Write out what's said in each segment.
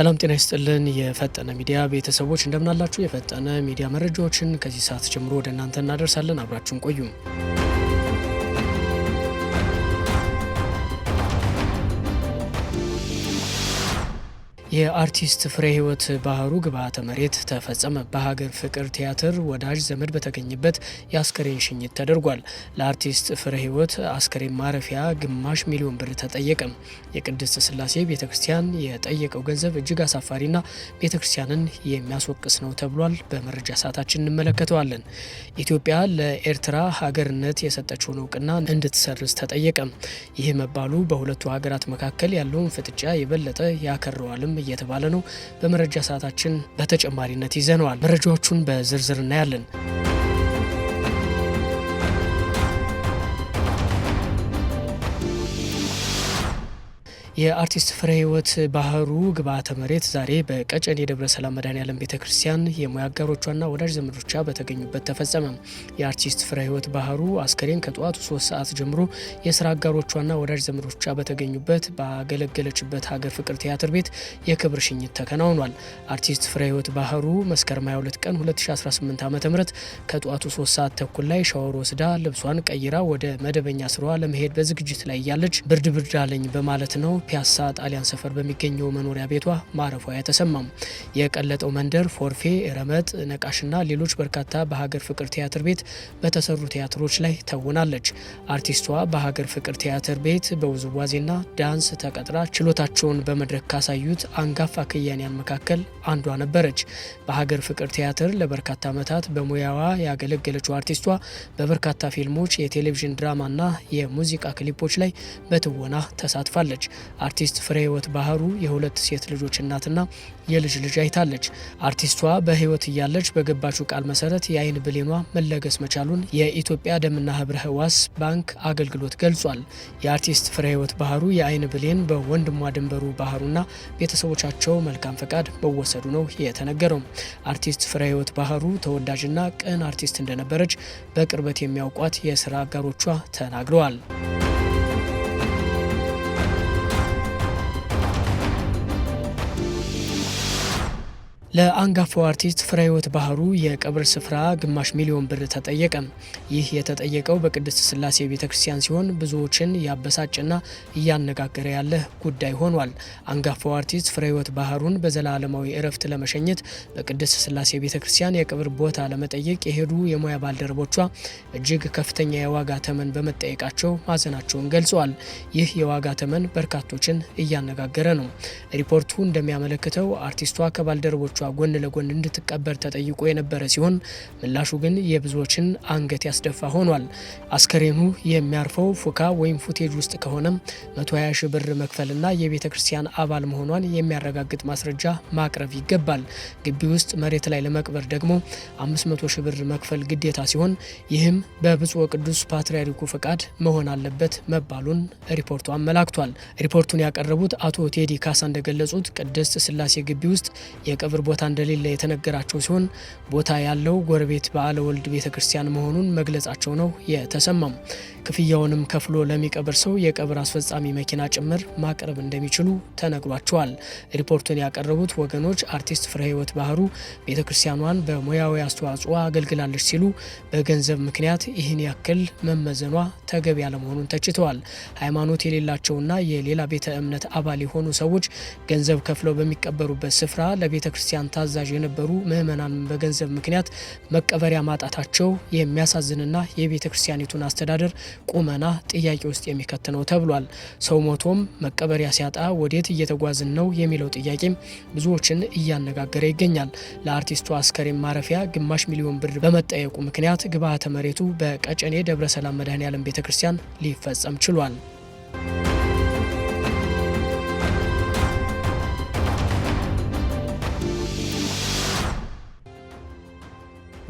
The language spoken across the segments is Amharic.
ሰላም ጤና ይስጥልን የፈጠነ ሚዲያ ቤተሰቦች እንደምናላችሁ። የፈጠነ ሚዲያ መረጃዎችን ከዚህ ሰዓት ጀምሮ ወደ እናንተ እናደርሳለን። አብራችሁን ቆዩ። የአርቲስት ፍሬ ህይወት ባህሩ ግብዓተ መሬት ተፈጸመ። በሀገር ፍቅር ቲያትር ወዳጅ ዘመድ በተገኘበት የአስከሬን ሽኝት ተደርጓል። ለአርቲስት ፍሬ ህይወት አስከሬን ማረፊያ ግማሽ ሚሊዮን ብር ተጠየቀም። የቅድስት ስላሴ ቤተ ክርስቲያን የጠየቀው ገንዘብ እጅግ አሳፋሪና ቤተ ክርስቲያንን የሚያስወቅስ ነው ተብሏል። በመረጃ ሰዓታችን እንመለከተዋለን። ኢትዮጵያ ለኤርትራ ሀገርነት የሰጠችውን እውቅና እንድትሰርዝ ተጠየቀም። ይህ መባሉ በሁለቱ ሀገራት መካከል ያለውን ፍጥጫ የበለጠ ያከረዋልም እየተባለ ነው። በመረጃ ሰዓታችን በተጨማሪነት ይዘነዋል። መረጃዎቹን በዝርዝር እናያለን። የአርቲስት ፍሬ ህይወት ባህሩ ግብአተ መሬት ዛሬ በቀጨኔ ደብረ ሰላም መድኃኔዓለም ቤተ ክርስቲያን የሙያ አጋሮቿና ወዳጅ ዘመዶቿ በተገኙበት ተፈጸመ። የአርቲስት ፍሬ ህይወት ባህሩ አስከሬን ከጠዋቱ ሶስት ሰዓት ጀምሮ የስራ አጋሮቿና ወዳጅ ዘመዶቿ በተገኙበት ባገለገለችበት ሀገር ፍቅር ቲያትር ቤት የክብር ሽኝት ተከናውኗል። አርቲስት ፍሬ ህይወት ባህሩ መስከረም 22 ቀን 2018 ዓ ም ከጠዋቱ ሶስት ሰዓት ተኩል ላይ ሻወር ወስዳ ልብሷን ቀይራ ወደ መደበኛ ስራዋ ለመሄድ በዝግጅት ላይ እያለች ብርድ ብርድ አለኝ በማለት ነው ፒያሳ ጣሊያን ሰፈር በሚገኘው መኖሪያ ቤቷ ማረፏ የተሰማም የቀለጠው መንደር፣ ፎርፌ፣ ረመጥ፣ ነቃሽና ሌሎች በርካታ በሀገር ፍቅር ቲያትር ቤት በተሰሩ ቲያትሮች ላይ ተውናለች። አርቲስቷ በሀገር ፍቅር ቲያትር ቤት በውዝዋዜና ዳንስ ተቀጥራ ችሎታቸውን በመድረክ ካሳዩት አንጋፋ ከያንያን መካከል አንዷ ነበረች። በሀገር ፍቅር ቲያትር ለበርካታ ዓመታት በሙያዋ ያገለገለችው አርቲስቷ በበርካታ ፊልሞች፣ የቴሌቪዥን ድራማና የሙዚቃ ክሊፖች ላይ በትወና ተሳትፋለች። አርቲስት ፍሬ ህይወት ባህሩ የሁለት ሴት ልጆች እናትና የልጅ ልጅ አይታለች። አርቲስቷ በህይወት እያለች በገባችው ቃል መሰረት የአይን ብሌኗ መለገስ መቻሉን የኢትዮጵያ ደምና ህብረ ህዋስ ባንክ አገልግሎት ገልጿል። የአርቲስት ፍሬ ህይወት ባህሩ የአይን ብሌን በወንድሟ ድንበሩ ባህሩና ቤተሰቦቻቸው መልካም ፈቃድ መወሰዱ ነው የተነገረው። አርቲስት ፍሬ ህይወት ባህሩ ተወዳጅና ቅን አርቲስት እንደነበረች በቅርበት የሚያውቋት የስራ አጋሮቿ ተናግረዋል። ለአንጋፋው አርቲስት ፍሬህይወት ባህሩ የቀብር ስፍራ ግማሽ ሚሊዮን ብር ተጠየቀ። ይህ የተጠየቀው በቅድስት ስላሴ ቤተ ክርስቲያን ሲሆን ብዙዎችን ያበሳጭና እያነጋገረ ያለ ጉዳይ ሆኗል። አንጋፋው አርቲስት ፍሬህይወት ባህሩን በዘላለማዊ እረፍት ለመሸኘት በቅድስት ስላሴ ቤተ ክርስቲያን የቀብር ቦታ ለመጠየቅ የሄዱ የሙያ ባልደረቦቿ እጅግ ከፍተኛ የዋጋ ተመን በመጠየቃቸው ማዘናቸውን ገልጸዋል። ይህ የዋጋ ተመን በርካቶችን እያነጋገረ ነው። ሪፖርቱ እንደሚያመለክተው አርቲስቷ ከባልደረቦቿ ተማሪዎቿ ጎን ለጎን እንድትቀበር ተጠይቆ የነበረ ሲሆን ምላሹ ግን የብዙዎችን አንገት ያስደፋ ሆኗል። አስከሬኑ የሚያርፈው ፉካ ወይም ፉቴጅ ውስጥ ከሆነም 120 ሺ ብር መክፈልና የቤተ ክርስቲያን አባል መሆኗን የሚያረጋግጥ ማስረጃ ማቅረብ ይገባል። ግቢ ውስጥ መሬት ላይ ለመቅበር ደግሞ 500 ሺ ብር መክፈል ግዴታ ሲሆን ይህም በብፁዕ ቅዱስ ፓትርያርኩ ፈቃድ መሆን አለበት መባሉን ሪፖርቱ አመላክቷል። ሪፖርቱን ያቀረቡት አቶ ቴዲ ካሳ እንደገለጹት ቅድስት ስላሴ ግቢ ውስጥ የቀብር ቦታ እንደሌለ የተነገራቸው ሲሆን ቦታ ያለው ጎረቤት በዓለ ወልድ ቤተ ክርስቲያን መሆኑን መግለጻቸው ነው የተሰማም። ክፍያውንም ከፍሎ ለሚቀብር ሰው የቀብር አስፈጻሚ መኪና ጭምር ማቅረብ እንደሚችሉ ተነግሯቸዋል። ሪፖርቱን ያቀረቡት ወገኖች አርቲስት ፍሬ ህይወት ባህሩ ቤተ ክርስቲያኗን በሙያዊ አስተዋጽኦ አገልግላለች ሲሉ በገንዘብ ምክንያት ይህን ያክል መመዘኗ ተገቢ ያለመሆኑን ተችተዋል። ሃይማኖት የሌላቸውና የሌላ ቤተ እምነት አባል የሆኑ ሰዎች ገንዘብ ከፍለው በሚቀበሩበት ስፍራ ለቤተ ክርስቲያን ክርስቲያን ታዛዥ የነበሩ ምእመናን በገንዘብ ምክንያት መቀበሪያ ማጣታቸው የሚያሳዝንና የቤተ ክርስቲያኒቱን አስተዳደር ቁመና ጥያቄ ውስጥ የሚከት ነው ተብሏል። ሰው ሞቶም መቀበሪያ ሲያጣ ወዴት እየተጓዝን ነው የሚለው ጥያቄም ብዙዎችን እያነጋገረ ይገኛል። ለአርቲስቱ አስከሬን ማረፊያ ግማሽ ሚሊዮን ብር በመጠየቁ ምክንያት ግብዓተ መሬቱ በቀጨኔ ደብረ ሰላም መድኃኔ ዓለም ቤተ ክርስቲያን ሊፈጸም ችሏል።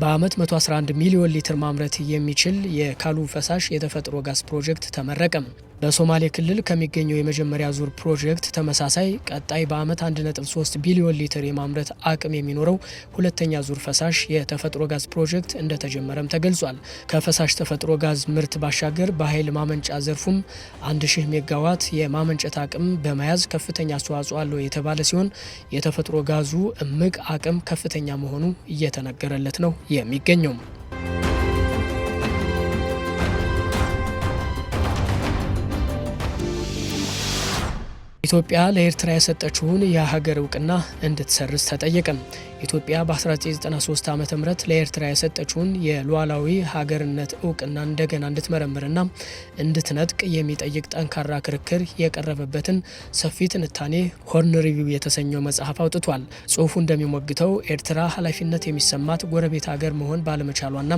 በአመት 111 ሚሊዮን ሊትር ማምረት የሚችል የካሉ ፈሳሽ የተፈጥሮ ጋዝ ፕሮጀክት ተመረቀም። በሶማሌ ክልል ከሚገኘው የመጀመሪያ ዙር ፕሮጀክት ተመሳሳይ ቀጣይ በአመት 1.3 ቢሊዮን ሊትር የማምረት አቅም የሚኖረው ሁለተኛ ዙር ፈሳሽ የተፈጥሮ ጋዝ ፕሮጀክት እንደተጀመረም ተገልጿል። ከፈሳሽ ተፈጥሮ ጋዝ ምርት ባሻገር በኃይል ማመንጫ ዘርፉም 1000 ሜጋዋት የማመንጨት አቅም በመያዝ ከፍተኛ አስተዋጽኦ አለው የተባለ ሲሆን የተፈጥሮ ጋዙ እምቅ አቅም ከፍተኛ መሆኑ እየተነገረለት ነው። የሚገኙም ኢትዮጵያ ለኤርትራ የሰጠችውን የሀገር እውቅና እንድትሰርዝ ተጠየቀም። ኢትዮጵያ በ1993 ዓ ም ለኤርትራ የሰጠችውን የሉዓላዊ ሀገርነት እውቅና እንደገና እንድትመረምርና እንድትነጥቅ የሚጠይቅ ጠንካራ ክርክር የቀረበበትን ሰፊ ትንታኔ ሆርን ሪቪው የተሰኘው መጽሐፍ አውጥቷል። ጽሁፉ እንደሚሞግተው ኤርትራ ኃላፊነት የሚሰማት ጎረቤት ሀገር መሆን ባለመቻሏና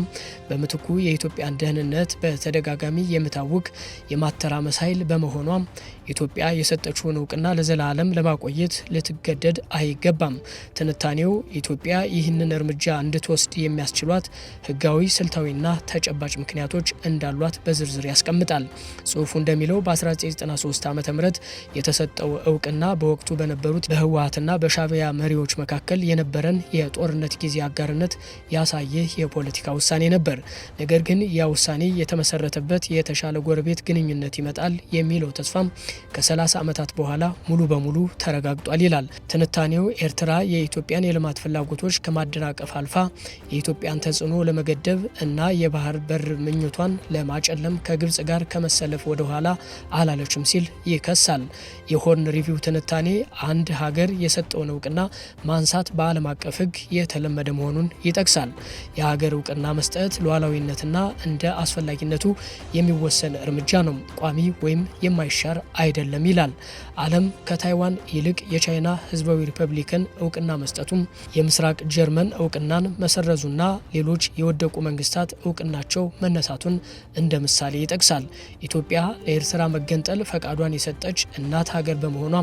በምትኩ የኢትዮጵያን ደህንነት በተደጋጋሚ የምታውቅ የማተራመስ ኃይል በመሆኗ ኢትዮጵያ የሰጠችውን እውቅና ለዘላለም ለማቆየት ልትገደድ አይገባም። ትንታኔው ኢትዮጵያ ይህንን እርምጃ እንድትወስድ የሚያስችሏት ህጋዊ ስልታዊና ተጨባጭ ምክንያቶች እንዳሏት በዝርዝር ያስቀምጣል። ጽሁፉ እንደሚለው በ1993 ዓ ም የተሰጠው እውቅና በወቅቱ በነበሩት በህወሀትና በሻቢያ መሪዎች መካከል የነበረን የጦርነት ጊዜ አጋርነት ያሳየ የፖለቲካ ውሳኔ ነበር። ነገር ግን ያ ውሳኔ የተመሰረተበት የተሻለ ጎረቤት ግንኙነት ይመጣል የሚለው ተስፋም ከ30 ዓመታት በኋላ በኋላ ሙሉ በሙሉ ተረጋግጧል ይላል ትንታኔው። ኤርትራ የኢትዮጵያን የልማት ፍላጎቶች ከማደናቀፍ አልፋ የኢትዮጵያን ተጽዕኖ ለመገደብ እና የባህር በር ምኞቷን ለማጨለም ከግብጽ ጋር ከመሰለፍ ወደኋላ አላለችም ሲል ይከሳል። የሆርን ሪቪው ትንታኔ አንድ ሀገር የሰጠውን እውቅና ማንሳት በዓለም አቀፍ ሕግ የተለመደ መሆኑን ይጠቅሳል። የሀገር እውቅና መስጠት ሉዓላዊነትና እንደ አስፈላጊነቱ የሚወሰን እርምጃ ነው፣ ቋሚ ወይም የማይሻር አይደለም ይላል። ዓለም ከታይዋን ይልቅ የቻይና ህዝባዊ ሪፐብሊክን እውቅና መስጠቱም የምስራቅ ጀርመን እውቅናን መሰረዙና ሌሎች የወደቁ መንግስታት እውቅናቸው መነሳቱን እንደ ምሳሌ ይጠቅሳል። ኢትዮጵያ ለኤርትራ መገንጠል ፈቃዷን የሰጠች እናት ሀገር በመሆኗ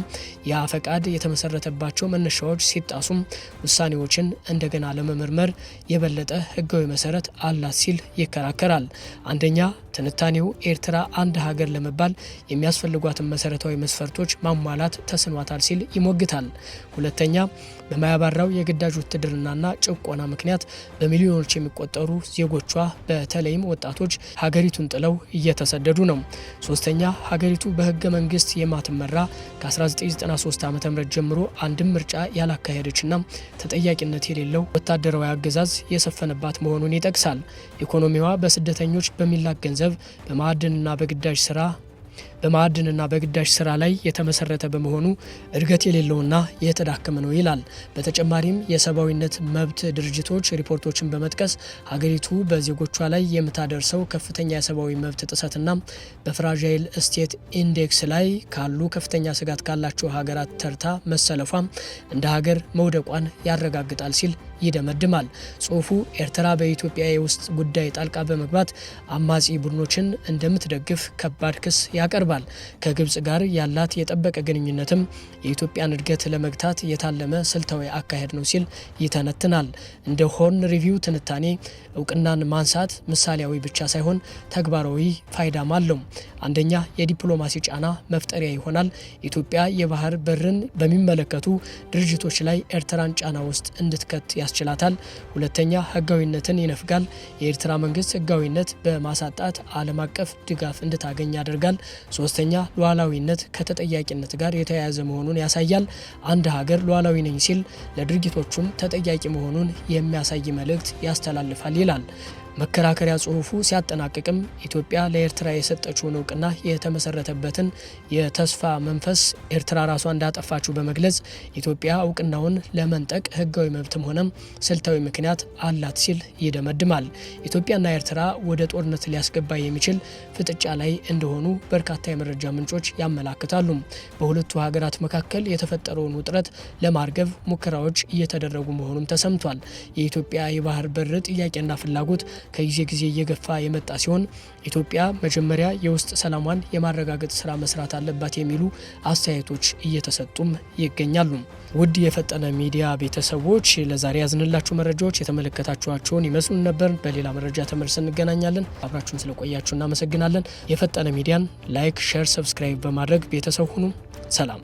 ያ ፈቃድ የተመሰረተባቸው መነሻዎች ሲጣሱም ውሳኔዎችን እንደገና ለመመርመር የበለጠ ህጋዊ መሰረት አላት ሲል ይከራከራል። አንደኛ ትንታኔው ኤርትራ አንድ ሀገር ለመባል የሚያስፈልጓትን መሰረታዊ መስፈርቶች ማሟላት ተስኗታል ሲል ይሞግታል። ሁለተኛ በማያባራው የግዳጅ ውትድርናና ጭቆና ምክንያት በሚሊዮኖች የሚቆጠሩ ዜጎቿ በተለይም ወጣቶች ሀገሪቱን ጥለው እየተሰደዱ ነው። ሶስተኛ ሀገሪቱ በህገ መንግስት የማትመራ ከ1993 ዓ ም ጀምሮ አንድም ምርጫ ያላካሄደችና ተጠያቂነት የሌለው ወታደራዊ አገዛዝ የሰፈነባት መሆኑን ይጠቅሳል። ኢኮኖሚዋ በስደተኞች በሚላክ ገንዘብ በማዕድንና በግዳጅ ስራ በማዕድንና በግዳጅ ስራ ላይ የተመሰረተ በመሆኑ እድገት የሌለውና የተዳከመ ነው ይላል። በተጨማሪም የሰብአዊነት መብት ድርጅቶች ሪፖርቶችን በመጥቀስ ሀገሪቱ በዜጎቿ ላይ የምታደርሰው ከፍተኛ የሰብአዊ መብት ጥሰትና በፍራጃይል ስቴት ኢንዴክስ ላይ ካሉ ከፍተኛ ስጋት ካላቸው ሀገራት ተርታ መሰለፏ እንደ ሀገር መውደቋን ያረጋግጣል ሲል ይደመድማል። ጽሁፉ ኤርትራ በኢትዮጵያ የውስጥ ጉዳይ ጣልቃ በመግባት አማጺ ቡድኖችን እንደምትደግፍ ከባድ ክስ ያቀርባል። ያቀርባል። ከግብጽ ጋር ያላት የጠበቀ ግንኙነትም የኢትዮጵያን እድገት ለመግታት የታለመ ስልታዊ አካሄድ ነው ሲል ይተነትናል። እንደ ሆርን ሪቪው ትንታኔ እውቅናን ማንሳት ምሳሌያዊ ብቻ ሳይሆን ተግባራዊ ፋይዳም አለው። አንደኛ፣ የዲፕሎማሲ ጫና መፍጠሪያ ይሆናል። ኢትዮጵያ የባህር በርን በሚመለከቱ ድርጅቶች ላይ ኤርትራን ጫና ውስጥ እንድትከት ያስችላታል። ሁለተኛ፣ ህጋዊነትን ይነፍጋል። የኤርትራ መንግስት ህጋዊነት በማሳጣት ዓለም አቀፍ ድጋፍ እንድታገኝ ያደርጋል። ሶስተኛ ሉዓላዊነት ከተጠያቂነት ጋር የተያያዘ መሆኑን ያሳያል። አንድ ሀገር ሉዓላዊ ነኝ ሲል ለድርጊቶቹም ተጠያቂ መሆኑን የሚያሳይ መልእክት ያስተላልፋል ይላል። መከራከሪያ ጽሁፉ ሲያጠናቅቅም ኢትዮጵያ ለኤርትራ የሰጠችውን እውቅና የተመሰረተበትን የተስፋ መንፈስ ኤርትራ ራሷ እንዳጠፋችው በመግለጽ ኢትዮጵያ እውቅናውን ለመንጠቅ ህጋዊ መብትም ሆነም ስልታዊ ምክንያት አላት ሲል ይደመድማል። ኢትዮጵያና ኤርትራ ወደ ጦርነት ሊያስገባ የሚችል ፍጥጫ ላይ እንደሆኑ በርካታ የመረጃ ምንጮች ያመላክታሉ። በሁለቱ ሀገራት መካከል የተፈጠረውን ውጥረት ለማርገብ ሙከራዎች እየተደረጉ መሆኑም ተሰምቷል። የኢትዮጵያ የባህር በር ጥያቄና ፍላጎት ከጊዜ ጊዜ እየገፋ የመጣ ሲሆን ኢትዮጵያ መጀመሪያ የውስጥ ሰላሟን የማረጋገጥ ስራ መስራት አለባት የሚሉ አስተያየቶች እየተሰጡም ይገኛሉ። ውድ የፈጠነ ሚዲያ ቤተሰቦች ለዛሬ ያዝንላችሁ መረጃዎች የተመለከታችኋቸውን ይመስሉ ነበር። በሌላ መረጃ ተመልሰን እንገናኛለን። አብራችሁን ስለቆያችሁ እናመሰግናለን። የፈጠነ ሚዲያን ላይክ፣ ሼር፣ ሰብስክራይብ በማድረግ ቤተሰብ ሁኑ። ሰላም